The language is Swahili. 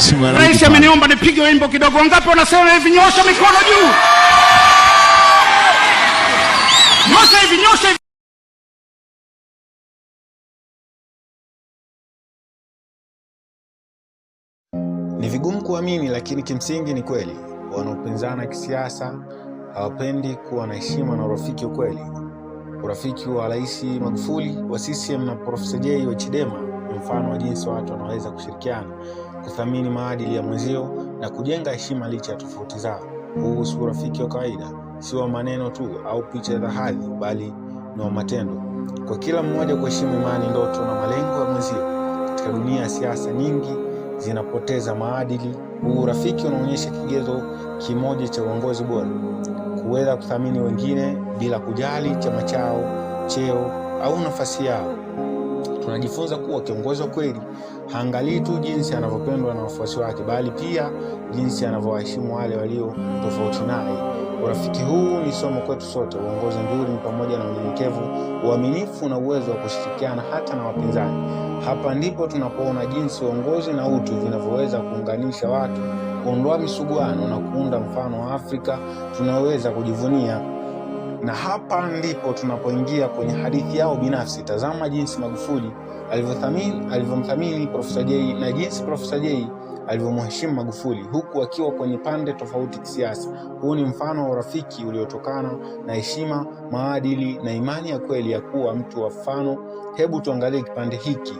Mheshimiwa Rais ameniomba nipige wimbo kidogo. Wangapi wanasema hivi? Nyosha mikono juu. Nyosha hivi, nyosha hivi. Ni vigumu kuamini, lakini kimsingi ni kweli. Wanaopinzana kisiasa hawapendi kuwa na heshima na urafiki wa kweli. Urafiki wa Rais Magufuli wa CCM na Profesa Jay wa Chadema mfano wa jinsi watu wanaweza kushirikiana, kuthamini maadili ya mwenzio na kujenga heshima licha ya tofauti zao. Huu si urafiki wa kawaida, si wa maneno tu au picha za hadhi, bali ni wa matendo, kwa kila mmoja kuheshimu imani, ndoto na malengo ya mwenzio. Katika dunia ya siasa nyingi zinapoteza maadili, huu urafiki unaonyesha kigezo kimoja cha uongozi bora, kuweza kuthamini wengine bila kujali chama chao, cheo au nafasi yao. Tunajifunza kuwa kiongozi wa kweli haangalii tu jinsi anavyopendwa na wafuasi wake, bali pia jinsi anavyowaheshimu wale walio tofauti naye. Urafiki huu ni somo kwetu sote. Uongozi mzuri ni pamoja na unyenyekevu, uaminifu na uwezo wa kushirikiana hata na wapinzani. Hapa ndipo tunapoona jinsi uongozi na utu vinavyoweza kuunganisha watu, kuondoa misuguano na kuunda mfano wa Afrika tunaweza kujivunia na hapa ndipo tunapoingia kwenye hadithi yao binafsi. Tazama jinsi Magufuli alivyomthamini Profesa Jay na jinsi Profesa Jay alivyomheshimu Magufuli huku akiwa kwenye pande tofauti kisiasa. Huu ni mfano wa urafiki uliotokana na heshima, maadili na imani ya kweli ya kuwa mtu wa mfano. Hebu tuangalie kipande hiki.